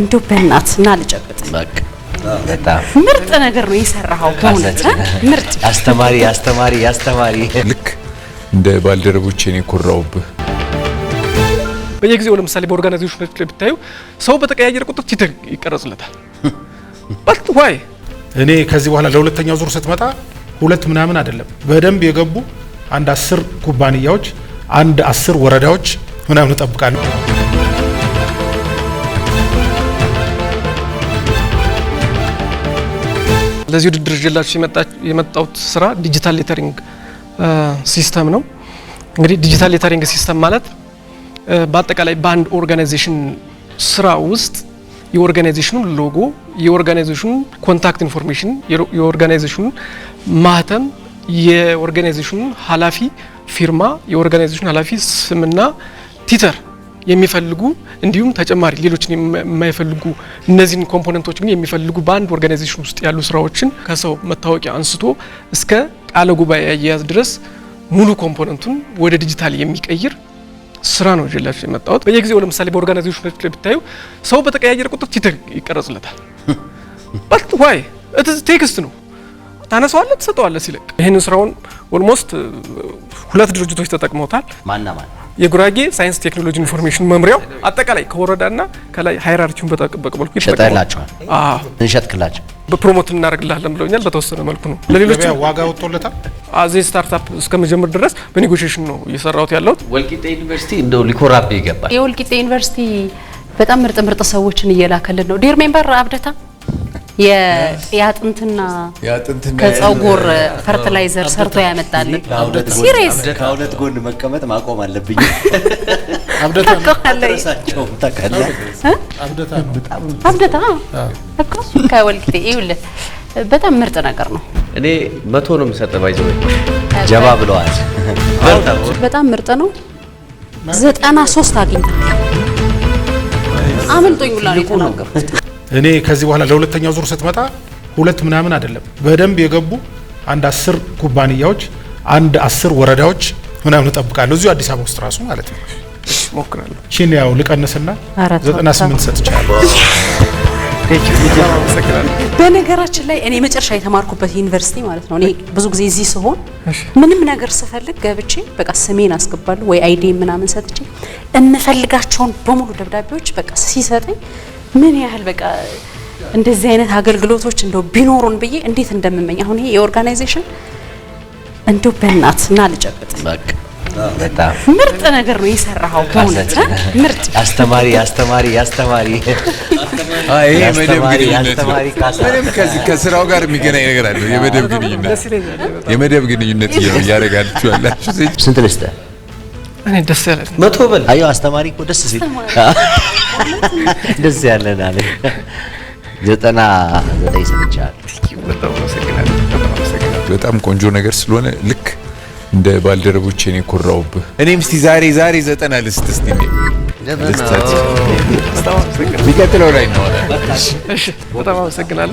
እንደው በእናት እና ልጨብጥ። ምርጥ ነገር ነው የሰራኸው። በእውነት ምርጥ አስተማሪ አስተማሪ አስተማሪ። ልክ እንደ ባልደረቦቼ ነው የኮራውብህ። በየጊዜው ለምሳሌ በኦርጋናይዜሽን ላይ ብታዩ ሰው በተቀያየር ቁጥር ቲትር ይቀረጽለታል። ባት ዋይ እኔ ከዚህ በኋላ ለሁለተኛው ዙር ስትመጣ ሁለት ምናምን አይደለም በደንብ የገቡ አንድ አስር ኩባንያዎች አንድ አስር ወረዳዎች ምናምን እጠብቃለሁ። ለዚህ ውድድር ይዤላችሁ የመጣሁት ስራ ዲጂታል ሌተሪንግ ሲስተም ነው። እንግዲህ ዲጂታል ሌተሪንግ ሲስተም ማለት በአጠቃላይ በአንድ ኦርጋናይዜሽን ስራ ውስጥ የኦርጋናይዜሽኑን ሎጎ፣ የኦርጋናይዜሽኑን ኮንታክት ኢንፎርሜሽን፣ የኦርጋናይዜሽኑን ማህተም፣ የኦርጋናይዜሽኑን ኃላፊ ፊርማ፣ የኦርጋናይዜሽኑን ኃላፊ ስምና ቲተር የሚፈልጉ እንዲሁም ተጨማሪ ሌሎችን የማይፈልጉ እነዚህን ኮምፖነንቶች ግን የሚፈልጉ በአንድ ኦርጋናይዜሽን ውስጥ ያሉ ስራዎችን ከሰው መታወቂያ አንስቶ እስከ ቃለ ጉባኤ አያያዝ ድረስ ሙሉ ኮምፖነንቱን ወደ ዲጂታል የሚቀይር ስራ ነው ይዤላችሁ የመጣሁት። በየጊዜው ለምሳሌ በኦርጋናይዜሽኖች ላይ ብታዩ ሰው በተቀያየረ ቁጥር ቲተር ይቀረጽለታል። በት ዋይ ቴክስት ነው ታነሰዋለህ፣ ትሰጠዋለህ ሲለቅ ይህንን ስራውን ኦልሞስት ሁለት ድርጅቶች ተጠቅመውታል። ማና ማን? የጉራጌ ሳይንስ ቴክኖሎጂ ኢንፎርሜሽን መምሪያው አጠቃላይ ከወረዳና ከላይ ሃይራርኪውን በጠበቀ መልኩ ይሸጠላቸዋል። እንሸጥክላቸው በፕሮሞት እናደርግላለን ብለውኛል። በተወሰነ መልኩ ነው ለሌሎች ዋጋ ወጥቶለታል። አዜ ስታርታፕ እስከመጀመር ድረስ በኔጎሽሽን ነው እየሰራሁት ያለሁት። ወልቂጤ ዩኒቨርሲቲ እንደው ሊኮራብ ይገባል። የወልቂጤ ዩኒቨርሲቲ በጣም ምርጥ ምርጥ ሰዎችን እየላከልን ነው። ዴር ሜምበር አብደታ የአጥንትና ከጸጉር ፈርትላይዘር ሰርቶ ያመጣልን ሲሪየስ ከአውነት ጎን መቀመጥ ማቆም አለብኝ። አብደታ እኮ ከወልቂጤ ይኸውልህ በጣም ምርጥ ነገር ነው። እኔ መቶ ነው የምሰጠው። ባይዘ ጀባ ብለዋል። በጣም ምርጥ ነው። ዘጠና ሶስት አግኝታ አመልጦኝ ብላ ነው የተናገሩት። እኔ ከዚህ በኋላ ለሁለተኛው ዙር ስትመጣ ሁለት ምናምን አይደለም በደንብ የገቡ አንድ አስር ኩባንያዎች አንድ አስር ወረዳዎች ምናምን እጠብቃለሁ እዚሁ አዲስ አበባ ውስጥ ራሱ ማለት ነው። ሞክራለሁ ቺን ያው ልቀንስና 98 ሰጥቻለሁ። በነገራችን ላይ እኔ መጨረሻ የተማርኩበት ዩኒቨርሲቲ ማለት ነው። እኔ ብዙ ጊዜ እዚህ ስሆን ምንም ነገር ስፈልግ ገብቼ በቃ ስሜን አስገባለሁ ወይ አይዲ ምናምን ሰጥቼ እንፈልጋቸውን በሙሉ ደብዳቤዎች በቃ ሲሰጠኝ ምን ያህል በቃ እንደዚህ አይነት አገልግሎቶች እንደው ቢኖሩን ብዬ እንዴት እንደምመኝ አሁን ይሄ የኦርጋናይዜሽን እንደው በእናት እና ልጨብጥ በጣም ምርጥ ነገር ነው የሰራኸው። በእውነት ምርጥ አስተማሪ አስተማሪ አስተማሪ ምንም ከዚህ ከስራው ጋር የሚገናኝ ነገር አለ። የመደብ ግንኙነት የመደብ ግንኙነት እያደረጋችሁ ያላችሁ ስንት ልስጥህ? እኔ ደስ ያለኝ መቶ በል። አየሁ አስተማሪ እኮ ደስ ሲል ደስ ያለን አለ። ዘጠና ዘጠኝ ሰምቻለሁ። በጣም ቆንጆ ነገር ስለሆነ ልክ እንደ ባልደረቦቼ ነው የኮራውብህ። እኔም እስቲ ዛሬ ዛሬ ዘጠና ልስት እስቲ ሚቀጥለው ላይ ነው። በጣም አመሰግናለሁ።